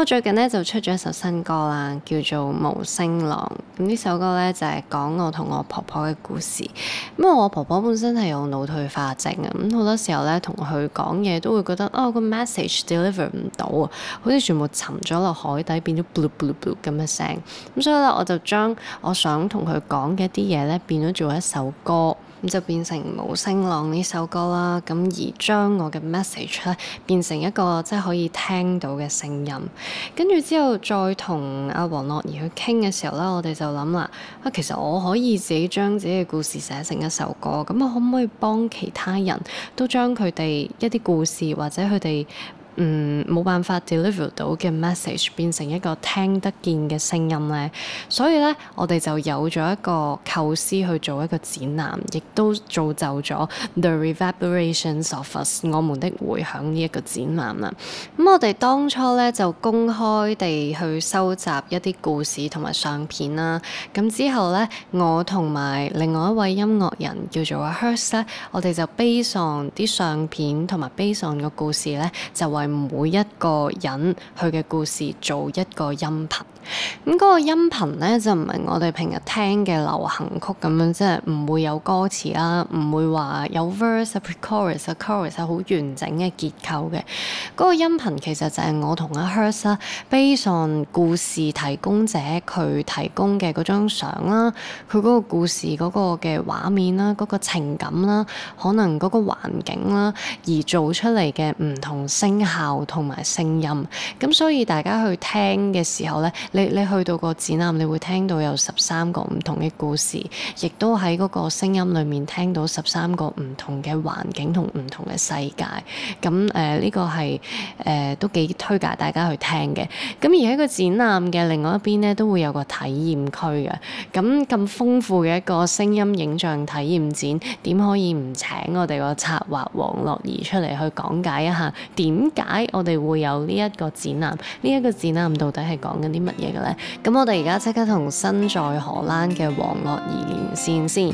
我最近咧就出咗一首新歌啦，叫做《無聲浪》。咁呢首歌咧就係講我同我婆婆嘅故事。咁我婆婆本身係有腦退化症啊，咁好多時候咧同佢講嘢都會覺得啊個 message deliver 唔到啊，好似全部沉咗落海底，變咗 blu blu blu 咁嘅聲。咁所以咧我就將我想同佢講嘅一啲嘢咧變咗做一首歌。咁就變成無聲浪呢首歌啦，咁而將我嘅 message 咧變成一個即係可以聽到嘅聲音，跟住之後再同阿王樂儀去傾嘅時候啦，我哋就諗啦，啊其實我可以自己將自己嘅故事寫成一首歌，咁我可唔可以幫其他人都將佢哋一啲故事或者佢哋，嗯，冇辦法 deliver 到嘅 message 變成一個聽得見嘅聲音咧，所以咧我哋就有咗一個構思去做一個展覽，亦都造就咗 The Reverberations of Us 我們的回響呢一個展覽啦。咁、嗯、我哋當初咧就公開地去收集一啲故事同埋相片啦。咁之後咧，我同埋另外一位音樂人叫做 hirsk 咧，我哋就 base on 啲相片同埋 base on 個故事咧，就為每一個人佢嘅故事做一個音頻，咁個音頻咧就唔係我哋平日聽嘅流行曲咁樣，即係唔會有歌詞啦、啊，唔會話有 verse、pre-chorus chorus 好、啊、完整嘅結構嘅。嗰個音頻其實就係我同阿 hirsk 啦、啊，base on 故事提供者佢提供嘅張相啦，佢個故事個嘅畫面啦、啊，嗰個情感啦、啊，可能個環境啦、啊，而做出嚟嘅唔同聲效。同埋聲音，咁所以大家去聽嘅時候咧，你你去到個展覽，你會聽到有十三個唔同嘅故事，亦都喺嗰個聲音裏面聽到十三個唔同嘅環境同唔同嘅世界。咁誒呢個係誒、呃、都幾推介大家去聽嘅。咁而喺個展覽嘅另外一邊咧，都會有個體驗區嘅。咁咁豐富嘅一個聲音影像體驗展，點可以唔請我哋個策劃王樂儀出嚟去講解一下點解？哎，我哋會有呢一個展覽，呢、這、一個展覽到底係講緊啲乜嘢嘅呢？咁我哋而家即刻同身在荷蘭嘅王樂儀連線先。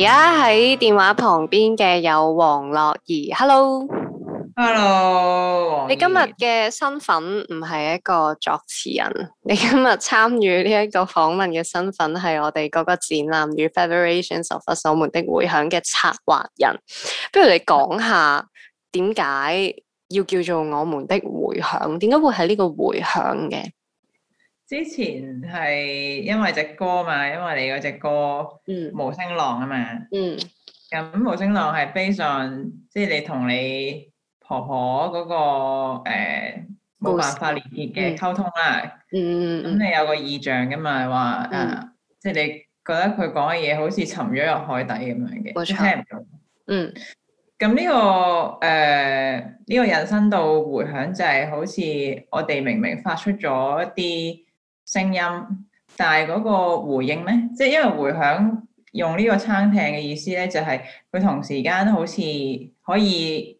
而家喺電話旁邊嘅有王樂儀，Hello，Hello，你今日嘅身份唔係一個作詞人，你今日參與呢一個訪問嘅身份係我哋嗰個展覽《Reverberations of Us 我們的迴響》嘅策劃人，不如你講下。點解要叫做我們的回響？點解會係呢個回響嘅？之前係因為隻歌嘛，因為你嗰隻歌《無聲浪》啊嘛。嗯。咁《無聲浪》係非常即係你同你婆婆嗰、那個誒冇、呃、事辦法連結嘅溝通啦。嗯咁、嗯嗯、你有個意象噶嘛？話誒，嗯、即係你覺得佢講嘅嘢好似沉咗入海底咁樣嘅，錯聽唔到。嗯。咁呢、這個誒呢、呃，這個引申到回響，就係好似我哋明明發出咗一啲聲音，但係嗰個回應咧，即、就、係、是、因為回響用呢個餐廳嘅意思咧，就係、是、佢同時間好似可以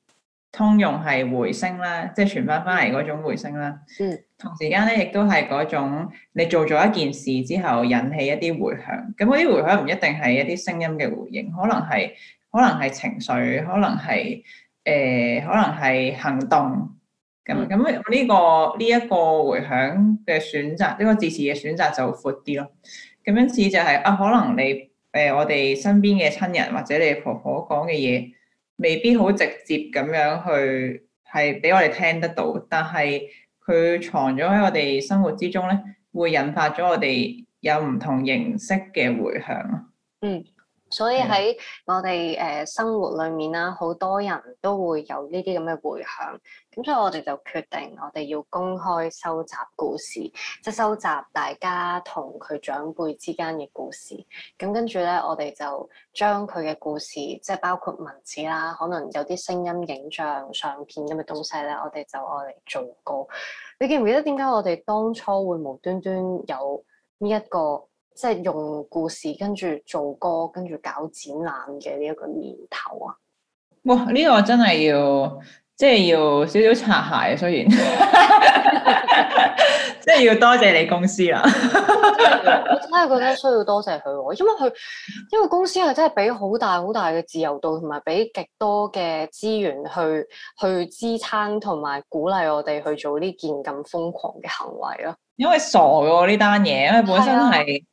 通用係、就是、回聲啦，即係傳翻翻嚟嗰種回聲啦。嗯。同時間咧，亦都係嗰種你做咗一件事之後引起一啲回響。咁嗰啲回響唔一定係一啲聲音嘅回應，可能係。可能係情緒，可能係誒、呃，可能係行動咁，咁呢個呢一、這個迴響嘅選擇，呢、這個字詞嘅選擇就闊啲咯。咁樣似就係、是、啊，可能你誒、呃、我哋身邊嘅親人或者你婆婆講嘅嘢，未必好直接咁樣去係俾我哋聽得到，但係佢藏咗喺我哋生活之中咧，會引發咗我哋有唔同形式嘅迴響啊。嗯。所以喺我哋誒生活裏面啦，好多人都會有呢啲咁嘅回響。咁所以我哋就決定，我哋要公開收集故事，即係收集大家同佢長輩之間嘅故事。咁跟住咧，我哋就將佢嘅故事，即係包括文字啦，可能有啲聲音、影像、相片咁嘅東西咧，我哋就愛嚟做歌。你記唔記得點解我哋當初會無端端有呢一個？即係用故事跟住做歌，跟住搞展覽嘅呢一個念頭啊！哇，呢、這個真係要，即係要少少擦鞋，雖然， 即係要多謝你公司啦。 我真係覺得需要多謝佢、啊，因為佢，因為公司係真係俾好大好大嘅自由度，同埋俾極多嘅資源去去支撐同埋鼓勵我哋去做呢件咁瘋狂嘅行為咯、啊啊。因為傻噶呢單嘢，因為本身係、啊。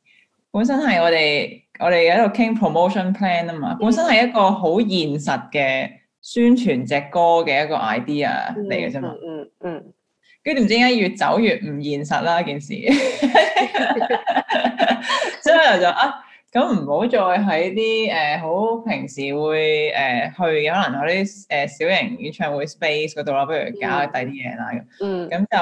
本身係我哋我哋喺度傾 promotion plan 啊嘛，本身係一個好現實嘅宣傳隻歌嘅一個 idea 嚟嘅啫嘛，嗯嗯，跟住點知而家越走越唔現實啦件事，所以我就啊～咁唔好再喺啲誒好平時會誒、呃、去可能嗰啲誒小型演唱會 space 嗰度啦，不如搞第啲嘢啦咁。嗯嗯、就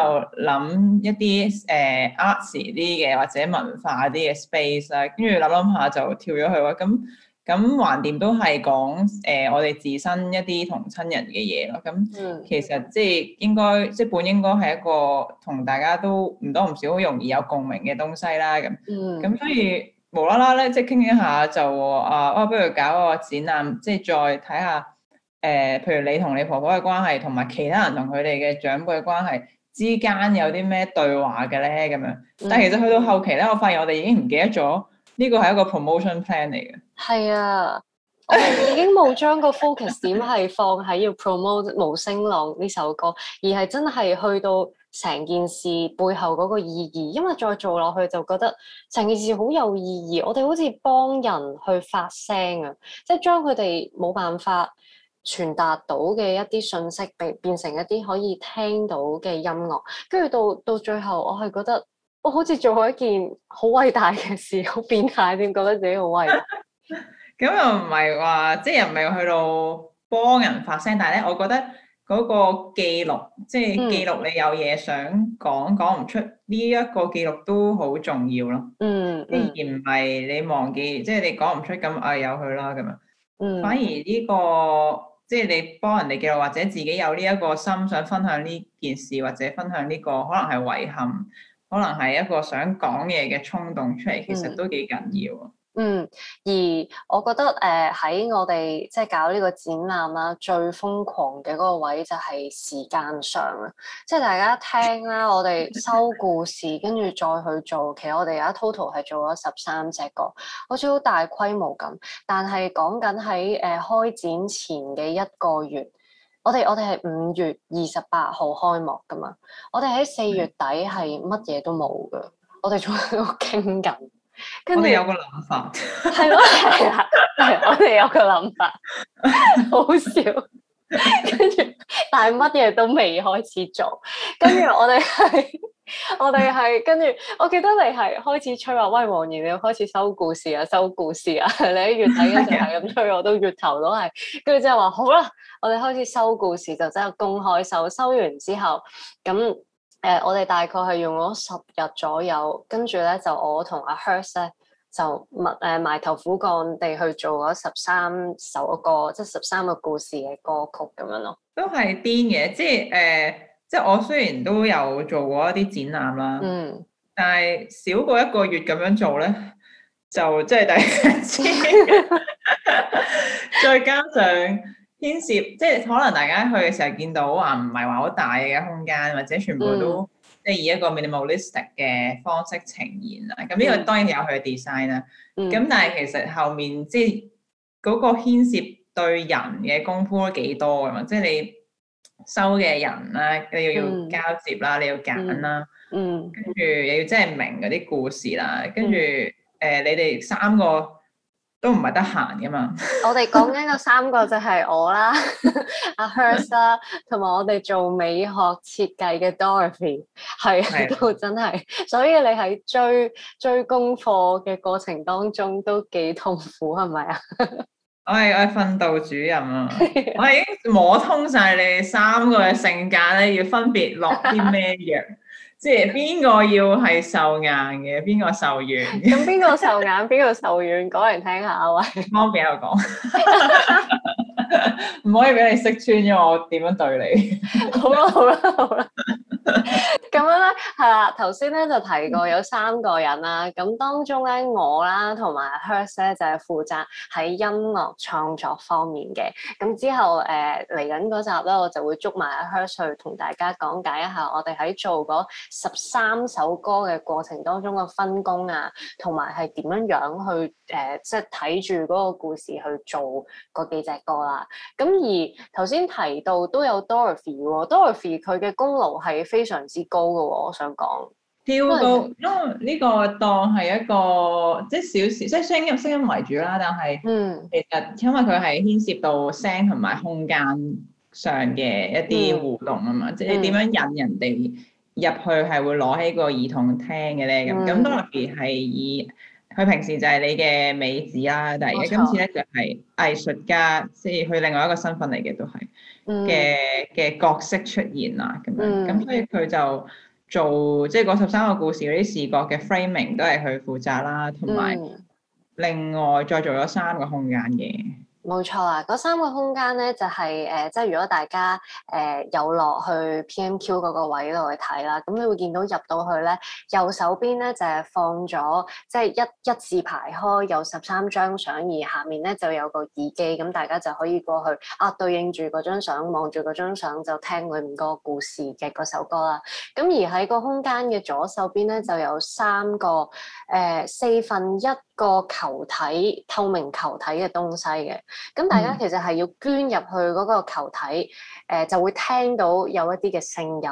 諗一啲誒 arts 啲嘅或者文化啲嘅 space 啦，跟住諗諗下就跳咗去咯。咁咁橫掂都係講誒、呃、我哋自身一啲同親人嘅嘢咯。咁、嗯嗯嗯、其實即係應該即、即係、本應該係一個同大家都唔多唔少好容易有共鳴嘅東西啦。咁、嗯、咁、嗯、所以。無啦啦咧，即係傾傾下就啊，啊、哦，不如搞個展覽，即係再睇下誒、呃，譬如你同你婆婆嘅關係，同埋其他人同佢哋嘅長輩嘅關係之間有啲咩對話嘅咧咁樣。嗯、但係其實去到後期咧，我發現我哋已經唔記得咗呢個係一個 promotion plan 嚟嘅。係啊，我哋已經冇將個 focus 點係放喺要 promote《無聲浪》呢首歌，而係真係去到。成件事背後嗰個意義，因為再做落去就覺得成件事好有意義。我哋好似幫人去發聲啊，即係將佢哋冇辦法傳達到嘅一啲信息，被變成一啲可以聽到嘅音樂。跟住到到最後我，我係覺得我好似做咗一件好偉大嘅事，好變態，先覺得自己好偉大？咁 又唔係話，即係又唔係去到幫人發聲，但係咧，我覺得。嗰個記錄，即係記錄你有嘢想講講唔出，呢一個記錄都好重要咯、嗯。嗯嗯，而唔係你忘記，即係你講唔出咁捱有佢啦咁樣。啊嗯、反而呢、這個即係你幫人哋記錄，或者自己有呢一個心想分享呢件事，或者分享呢、這個可能係遺憾，可能係一個想講嘢嘅衝動出嚟，其實都幾緊要。嗯嗯。嗯，而我覺得誒喺、呃、我哋即係搞呢個展覽啦，最瘋狂嘅嗰個位就係時間上啊！即係大家聽啦，我哋收故事，跟住再去做。其實我哋而家 total 係做咗十三隻個，好似好大規模咁。但係講緊喺誒開展前嘅一個月，我哋我哋係五月二十八號開幕㗎嘛。我哋喺四月底係乜嘢都冇㗎，嗯、我哋仲喺度傾緊。跟住有個諗法，係咯，係啦，我哋有個諗法，好笑。 跟住，但係乜嘢都未開始做。跟住， 我哋係，我哋係，跟住，我記得你係開始吹話，喂，黃妍你要開始收故事啊，收故事啊。你喺月底一直就係咁吹， 我都月頭都係。跟住之後就話好啦，我哋開始收故事，就真係公開收。收完之後，咁。誒、呃，我哋大概係用咗十日左右，跟住咧就我同阿 hirsk 咧就埋誒埋頭苦幹地去做咗十三首歌，即係十三個故事嘅歌曲咁樣咯。都係癲嘅，即係誒、呃，即係我雖然都有做過一啲展覽啦，嗯，但係少過一個月咁樣做咧，就即係第一次， 再加上。牽涉即係可能大家去嘅時候見到話唔係話好大嘅空間，或者全部都即係以一個 minimalistic 嘅方式呈現啦。咁呢個當然有佢嘅 design 啦。咁但係其實後面即係嗰個牽涉對人嘅功夫都幾多嘅嘛。即係你收嘅人啦，你又要交接啦，你要揀啦，嗯，跟住又要即係明嗰啲故事啦，跟住誒你哋三個。都唔係得閒㗎嘛。 我哋講緊嗰三個就係我啦，阿 Hers 啦，同埋 我哋做美學設計嘅 Dorothy，係的都真係。所以你喺追追功課嘅過程當中都幾痛苦係咪啊？我係我係訓導主任啊， 我已經摸通晒你三個嘅性格咧， 要分別落啲咩藥。 即係邊個要係受硬嘅，邊個受軟嘅？咁邊個受硬，邊個受軟，講嚟聽下啊！方便我講，唔 可以俾你識穿咗我點樣對你。 好啦、啊，好啦、啊，好啦、啊。 咁 樣咧，係啦，頭先咧就提過有三個人啦，咁 當中咧我啦同埋 hirsk 咧就係、是、負責喺音樂創作方面嘅，咁之後誒嚟緊嗰集咧，我就會捉埋 hirsk 去同大家講解一下我哋喺做嗰十三首歌嘅過程當中嘅分工啊，同埋係點樣樣去誒即係睇住嗰個故事去做嗰幾隻歌啦、啊，咁而頭先提到都有 Dorothy、哦、Dorothy 喎，Dorothy 佢嘅功勞係。非常之高㗎、哦，我想講，跳到過因為呢、嗯這個當係一個即係小時，即係聲音聲音為主啦，但係其實因為佢係牽涉到聲同埋空間上嘅一啲互動啊嘛，嗯、即係點樣引人哋入去係會攞起個耳筒聽嘅咧咁，咁當然係以。佢平時就係你嘅美子啦，但係而家今次咧就係、是、藝術家，即係佢另外一個身份嚟嘅都係嘅嘅角色出現啦，咁樣咁、嗯、所以佢就做即係嗰十三個故事嗰啲視覺嘅 framing 都係佢負責啦，同埋另外再做咗三個空間嘅。冇錯啊，嗰三個空間咧就係、是、誒、呃，即係如果大家誒、呃、有落去 PMQ 嗰個位度去睇啦，咁、那個、你會見到入到去咧右手邊咧就係、是、放咗即係一一字排開有十三張相，而下面咧就有個耳機，咁大家就可以過去啊，對應住嗰張相望住嗰張相就聽裏面嗰個故事嘅嗰首歌啦。咁而喺個空間嘅左手邊咧就有三個誒、呃、四分一，個球體透明球體嘅東西嘅，咁大家其實係要捐入去嗰個球體，誒、呃、就會聽到有一啲嘅聲音。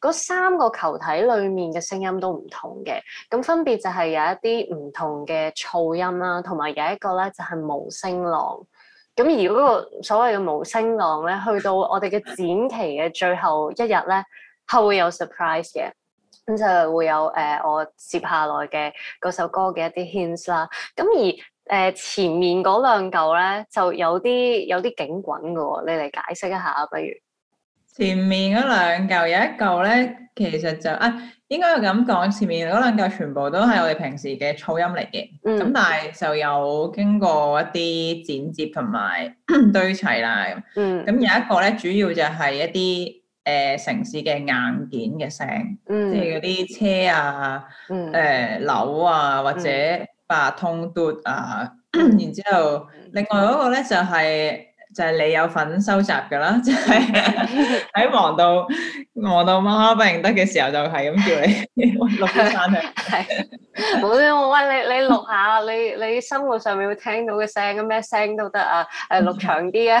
嗰三個球體裡面嘅聲音都唔同嘅，咁分別就係有一啲唔同嘅噪音啦，同埋有一個咧就係無聲浪。咁而嗰個所謂嘅無聲浪咧，去到我哋嘅展期嘅最後一日咧，係會有 surprise 嘅。咁就會有誒、呃、我接下來嘅嗰首歌嘅一啲 hint 啦。咁而誒、呃、前面嗰兩嚿咧就有啲有啲警棍嘅喎，你嚟解釋一下不如？前面嗰兩嚿有一嚿咧，其實就啊應該咁講，前面嗰兩嚿全部都係我哋平時嘅噪音嚟嘅。咁、嗯、但係就有經過一啲剪接同埋 堆砌啦。嗯。咁有一個咧，主要就係一啲。誒城市嘅硬件嘅聲，即係嗰啲車啊，誒樓啊，或者八通嘟啊，然之後，另外嗰個咧就係就係你有份收集㗎啦，即係喺忙到忙到媽不認得嘅時候，就係咁叫你錄啲嘅。係冇錯，喂，你你錄下你你生活上面會聽到嘅聲，咩聲都得啊，誒錄長啲啊，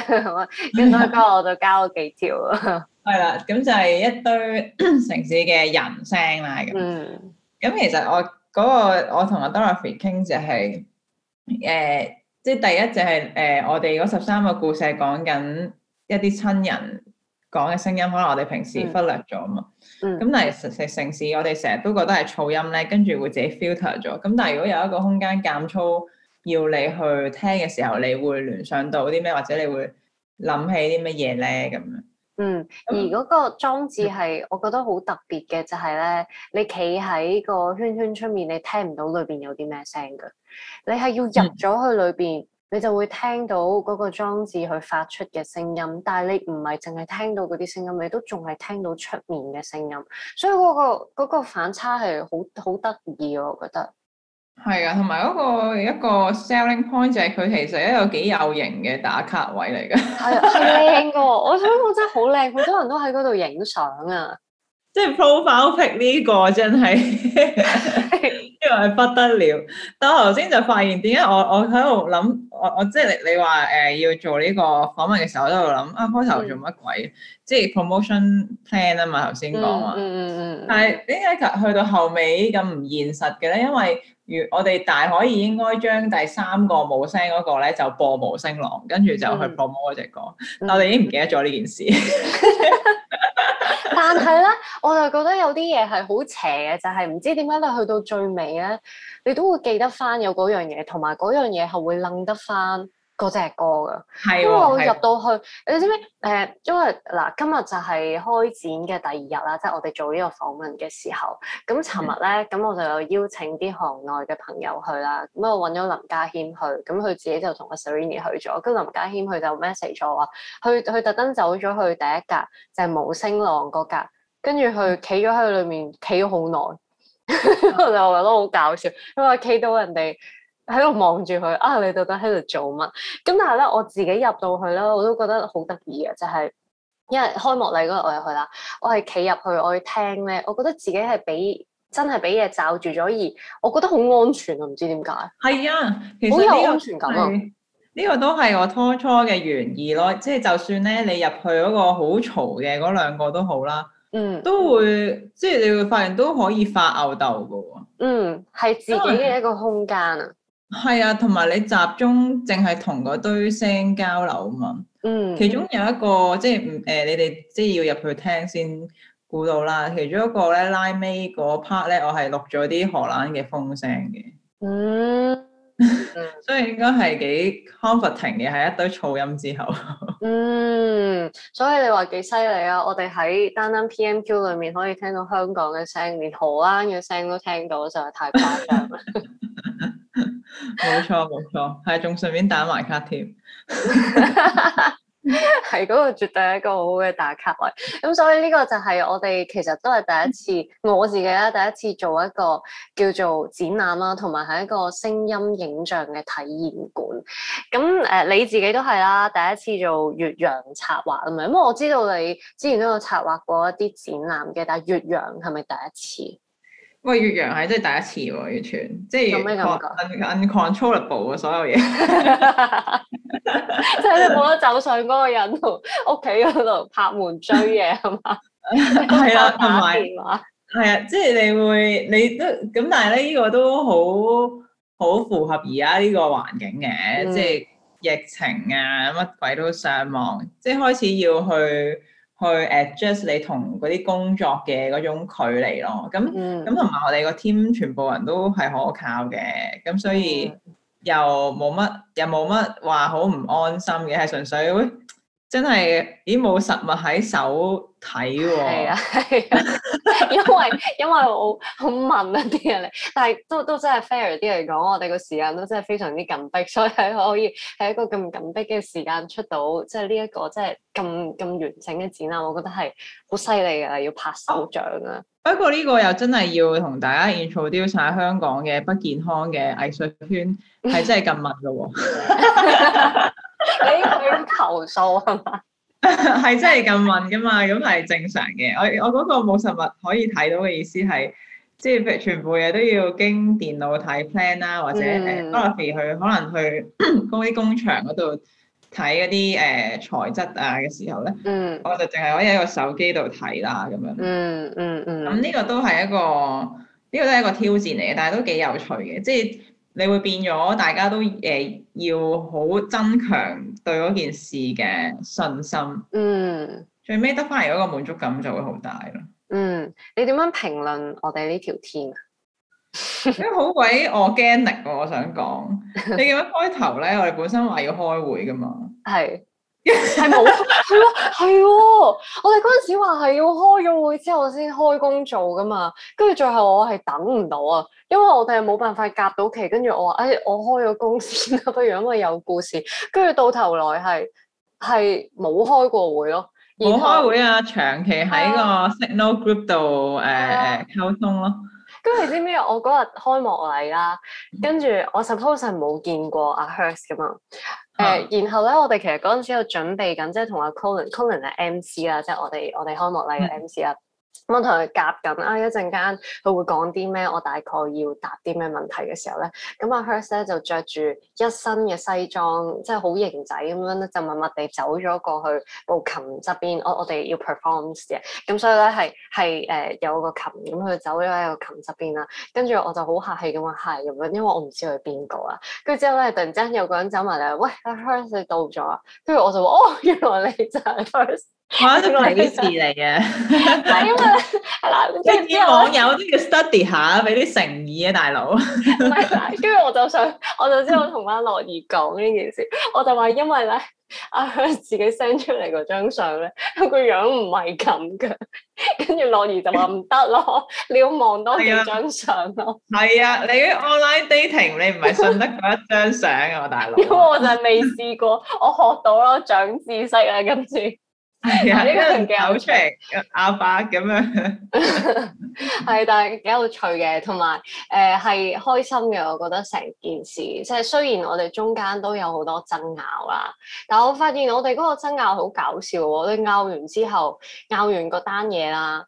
跟住嗰個我就交咗幾條。係啦，咁就係一堆 城市嘅人聲啦。咁，咁、嗯、其實我嗰、那個我同阿 Dorothy 傾就係、是、誒、呃、即、就、係、是、第一就係、是、誒、呃，我哋嗰十三個故事係講緊一啲親人講嘅聲音，可能我哋平時忽略咗啊嘛。咁、嗯、但係城城城市，我哋成日都覺得係噪音咧，跟住會自己 filter 咗。咁但係如果有一個空間減粗，要你去聽嘅時候，你會聯想到啲咩？或者你會諗起啲乜嘢咧？咁樣？嗯，而嗰個裝置係，我覺得好特別嘅就係咧，你企喺個圈圈出面，你聽唔到裏邊有啲咩聲嘅，你係要入咗去裏邊，你就會聽到嗰個裝置去發出嘅聲音。但係你唔係淨係聽到嗰啲聲音，你都仲係聽到出面嘅聲音，所以嗰個嗰個反差係好好得意啊，我覺得。係啊，同埋嗰個一個 selling point 就係佢其實一個幾有型嘅打卡位嚟嘅，係靚嘅，我想講真係好靚，好多人都喺嗰度影相啊，即係 profile pick 呢個真係因為係不得了。但我頭先就發現點解我我喺度諗，我我即係、就是、你你話誒要做呢個訪問嘅時候，我喺度諗啊開頭做乜鬼？嗯、即係 promotion plan 啊嘛，頭先講話，嗯嗯嗯，但係點解佢去到後尾咁唔現實嘅咧？因為如我哋大可以應該將第三個冇聲嗰個咧就播無聲浪，跟住就去播嗰隻歌，嗯、但我哋已經唔記得咗呢件事。但係咧，我就覺得有啲嘢係好邪嘅，就係、是、唔知點解你去到最尾咧，你都會記得返有嗰樣嘢，同埋嗰樣嘢係會愣得返。多隻歌噶，因為我入到去，你知唔知？誒，因為嗱，今日就係開展嘅第二日啦，即、就、係、是、我哋做呢個訪問嘅時候。咁尋日咧，咁、嗯、我就有邀請啲行內嘅朋友去啦。咁我揾咗林家謙去，咁佢自己就同阿 Serrini 去咗。跟林家謙佢就 message 咗話，佢佢特登走咗去第一格，就係無聲浪嗰格，跟住佢企咗喺裏面企咗好耐，我就覺得好搞笑，因為企到人哋。喺度望住佢啊！你到底喺度做乜？咁但係咧，我自己入到去啦，我都覺得好得意嘅，就係、是、因為開幕禮嗰日我入去啦，我係企入去，我去我聽咧，我覺得自己係俾真係俾嘢罩住咗，而我覺得好安全啊！唔知點解。係啊，其實好有安全感啊！呢個，這個都係我初初嘅原意咯，即、就、係、是、就算咧你入去嗰個好嘈嘅嗰兩個都好啦，嗯，都會即係、就是、你會發現都可以發吽竇㗎喎。嗯，係自己嘅一個空間啊。係啊，同埋你集中淨係同嗰堆聲交流啊嘛。嗯，其中有一個即係唔誒，你哋即係要入去聽先估到啦。其中一個咧拉尾嗰 part 咧，我係錄咗啲荷蘭嘅風聲嘅。嗯， 所以應該係幾 comforting 嘅，係一堆噪音之後。 嗯，所以你話幾犀利啊！我哋喺單單 PMQ 裏面可以聽到香港嘅聲，連荷蘭嘅聲都聽到，實在太誇張啦！ 冇錯冇錯，係仲順便打埋卡添，係 嗰 個絕對係一個好好嘅打卡位。咁所以呢個就係我哋其實都係第一次，嗯、我自己咧第一次做一個叫做展覽啦，同埋係一個聲音影像嘅體驗館。咁誒、呃，你自己都係啦，第一次做越洋策劃咁樣。咁我知道你之前都有策劃過一啲展覽嘅，但係越洋係咪第一次？喂，越洋係真係第一次喎，完全即係 un uncontrollable 嘅所有嘢，即係你冇得走上嗰個人同屋企嗰度拍門追嘢係嘛？係啦， 同埋係啊，即係你會你都咁，但係咧呢個都好好符合而家呢個環境嘅，即係、嗯、疫情啊乜鬼都上網，即係開始要去。去 adjust 你同嗰啲工作嘅嗰種距離咯，咁咁同埋我哋個 team 全部人都係可靠嘅，咁所以、嗯、又冇乜又冇乜話好唔安心嘅，係純粹會。真係，咦，冇實物喺手睇喎，哦啊。係啊 因，因為因為我好問一啲人嚟， 但係都都真係 fair 啲嚟講，我哋個時間都真係非常之緊迫，所以係可以喺一個咁緊迫嘅時間出到，即係呢一個即係咁咁完整嘅展覽，我覺得係好犀利㗎啦，要拍手掌啊！不過呢個又真係要同大家 introduce 下香港嘅不健康嘅藝術圈，係真係咁問㗎喎，哦。 你去投訴係 嘛？係真係咁問噶嘛？咁係正常嘅。我我嗰個冇實物可以睇到嘅意思係，即係全部嘢都要經電腦睇 plan 啦，或者誒去、嗯啊、可能去啲 工場嗰度睇嗰啲誒材質啊嘅時候咧，嗯、我就淨係可以喺個手機度睇啦咁樣。嗯嗯嗯。咁、嗯、呢、嗯、個都係一個，呢、呢個都係一個挑戰嚟嘅，但係都幾有趣嘅。即、就、係、係、你會變咗，大家都誒。呃呃要好增強對嗰件事嘅信心，嗯，最尾得翻嚟嗰個滿足感就會好大咯。嗯，你點樣評論我哋 呢條 team 啊？因為好鬼 organic 喎，我想講，你見開頭咧，我哋本身話要開會㗎嘛，係。係冇，係喎， 係、啊啊、我哋嗰陣時話係要開咗會之後先開工做噶嘛，跟住最後我係等唔到啊，因為我哋係冇辦法夾到期，跟住我話，哎，我開咗工先，啦，不如，因為有故事，跟住到頭來係係冇開過會咯，冇開會啊，長期喺個 signal group 度誒誒溝通咯，跟住你知唔知我嗰日開幕禮啦，跟住我 suppose 係冇、嗯、見過阿 hirsk 噶嘛。誒，uh, 嗯、然後咧，我哋其實嗰陣時有準備緊，即係同阿 Colin，Colin 係 MC 啦，即係我哋我哋開幕禮嘅、嗯、MC 啦。咁我同佢夾緊啊，一陣間佢會講啲咩，我大概要答啲咩問題嘅時候咧，咁阿 hirsk 咧就着住一身嘅西裝，即係好型仔咁樣咧，就默默地走咗過去部琴側邊。我我哋要 perform 嘅，咁所以咧係係誒有個琴，咁佢走咗喺個琴側邊啦。跟住我就好客氣咁話係咁樣，因為我唔知佢係邊個啊。跟住之後咧，突然間有個人走埋嚟話，喂，阿 hirsk 你到咗啊？跟住我就話哦，原來你就係 hirsk。哇！都嚟啲事嚟嘅，係 因為係啦，即係啲網友都要 study 下，俾啲誠意啊，大佬。跟 住我就想，我就知道同阿樂儀講呢件事， 我就話因為咧，阿、啊、香自己 send 出嚟嗰張相咧，個樣唔係咁嘅，跟住樂儀就話唔得咯， 你要望多，多幾張相咯。係啊，你 online dating 你唔係信得嗰一張相啊，我大佬。因為我就係未試過，我學到咯，長知識啊，跟住。係啊，呢 個唔夠出嚟，拗巴咁樣，係，但係幾有趣嘅，同埋誒係開心嘅。我覺得成件事，即係雖然我哋中間都有好多爭拗啦，但係我發現我哋嗰個爭拗好搞笑喎，我哋拗完之後，拗完嗰單嘢啦。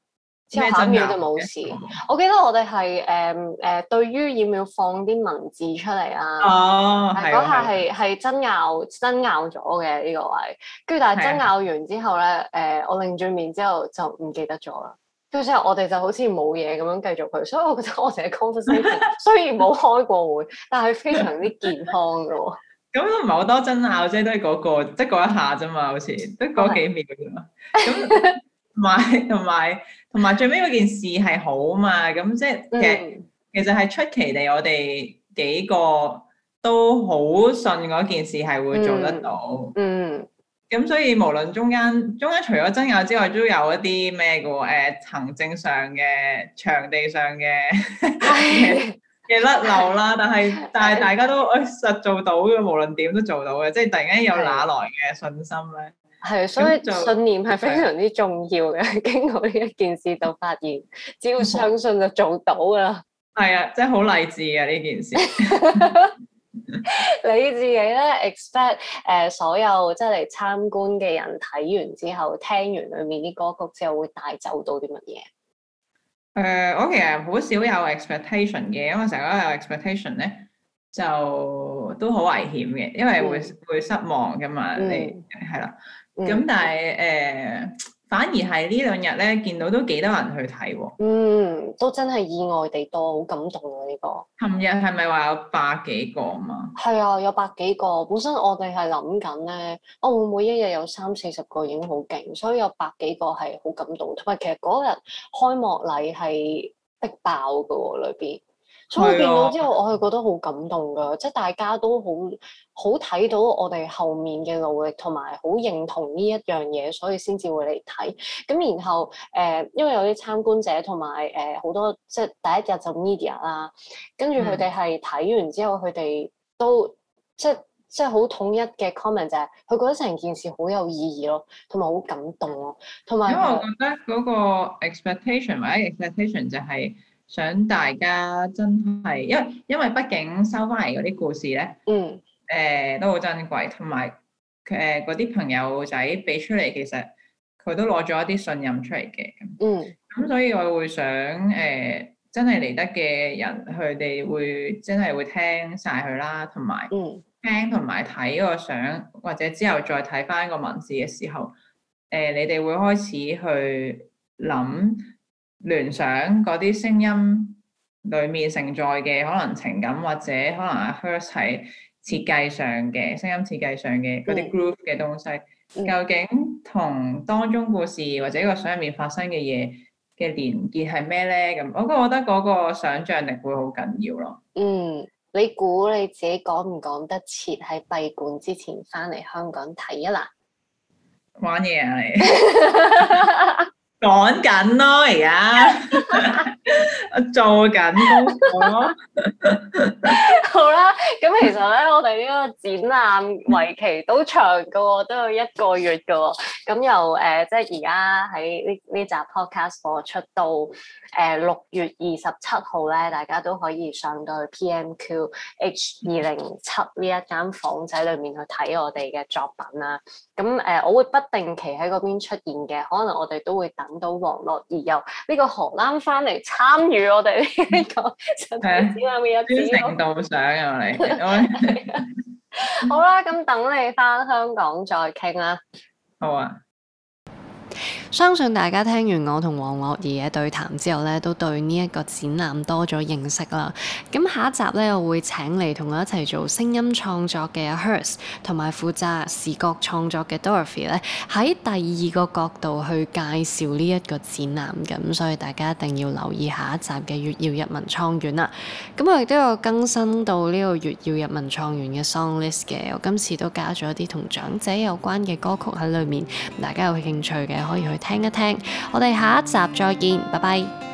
之後真一就冇事。我記得我哋係誒誒，對於要唔要放啲文字出嚟啦、啊。哦，係嗰下係係爭拗爭拗咗嘅呢個位。跟住但係爭拗完之後咧，誒、啊呃、我擰轉面之後就唔記得咗啦。跟住之後我哋就好似冇嘢咁樣繼續去。所以我覺得我哋嘅 conversation 雖然冇開過會， 但係非常之健康㗎喎。咁都唔係好多爭拗啫，都係嗰個，即係嗰一下啫嘛，好似都嗰幾秒啊。咁同埋同埋。同埋最尾嗰件事係好嘛，咁即係其實係出奇地，我哋幾個都好信嗰件事係會做得到。嗯，咁、嗯、所以無論中間中間除咗爭拗之外，都有一啲咩嘅喎？誒、呃，行政上嘅場地上嘅嘅 甩漏啦， 但係但係大家都、哎、實做到嘅，無論點都做到嘅，即係突然間有哪來嘅信心咧？係，所以信念係非常之重要嘅。啊、經過呢一件事，就發現只要相信就做到噶啦。係啊、嗯，真係好勵志啊！呢件事，你自己咧 expect，誒、呃，所有即係嚟參觀嘅人睇完之後，聽完裏面啲歌曲之後，會帶走到啲乜嘢？誒、呃，我其實好少有 expectation 嘅，因為成日都有 expectation 咧，就都好危險嘅，因為會、嗯、會失望噶嘛。嗯、你係啦。咁、嗯、但係誒、呃，反而係呢兩日咧，見到都幾多人去睇喎、啊。嗯，都真係意外地多，好感動啊！呢、呢個。琴日係咪話有百幾個啊？嘛。係啊，有百幾個。本身我哋係諗緊咧，我、哦、會每一日有三四十個已經好勁，所以有百幾個係好感動。同埋其實嗰日開幕禮係逼爆噶喎、啊，裏邊。我見到之後，我係覺得好感動㗎，即係大家都好好睇到我哋後面嘅努力，同埋好認同呢一樣嘢，所以先至會嚟睇。咁然後誒、呃，因為有啲參觀者同埋誒好多，即係第一日就 media 啦，跟住佢哋係睇完之後，佢哋都即係即係好統一嘅 comment 就係，佢覺得成件事好有意義咯，同埋好感動咯，同埋因為我覺得嗰個 expectation 或者 expectation 就係、是。想大家真係，因為因為畢竟收翻嚟嗰啲故事咧，嗯，誒、呃、都好珍貴，同埋誒嗰啲朋友仔俾出嚟，其實佢都攞咗一啲信任出嚟嘅，嗯，咁所以我會想誒、呃，真係嚟得嘅人，佢哋會真係會聽晒佢啦，同埋、嗯、聽同埋睇個相，或者之後再睇翻個文字嘅時候，誒、呃、你哋會開始去諗。聯想嗰啲聲音裏面承載嘅可能情感，或者可能啊 hirsk 係設計上嘅聲音設計上嘅嗰啲 group 嘅東西，嗯、究竟同當中故事或者個相入面發生嘅嘢嘅連結係咩咧？咁我覺得嗰個想象力會好緊要咯。嗯，你估你自己講唔講得切喺閉館之前翻嚟香港睇啊？嗱，玩嘢啊你！ 講緊咯，而家 做緊， 好啦。咁其實咧，我哋呢個展覽為期都長噶、哦，都有一個月噶、哦。咁由誒、呃，即係而家喺呢呢集 podcast 播出到誒、呃、六月二十七號咧，大家都可以上到去 P M Q H 二零七呢一間房仔裏面去睇我哋嘅作品啦。咁誒、呃，我會不定期喺嗰邊出現嘅，可能我哋都會等到王樂儀而由呢個荷蘭返嚟參與我哋呢、這個。係 啊，會有紙啊，歡迎到上啊，你。 好啦，咁等你返香港再傾啦。好啊。相信大家聽完我同王樂儀嘅對談之後呢都對呢一個展覽多咗認識啦。咁下一集呢，我會請嚟同我一齊做聲音創作嘅 hirsk，同埋負責視覺創作嘅 Dorothy 呢，喺第二個角度去介紹呢一個展覽嘅。咁所以大家一定要留意下一集嘅月曜日文創園啦。咁我亦都有更新到呢、這個月曜日文創園嘅 song list 嘅。我今次都加咗一啲同長者有關嘅歌曲喺裏面，大家有興趣嘅可以去。聽一聽，我哋下一集再見，拜拜。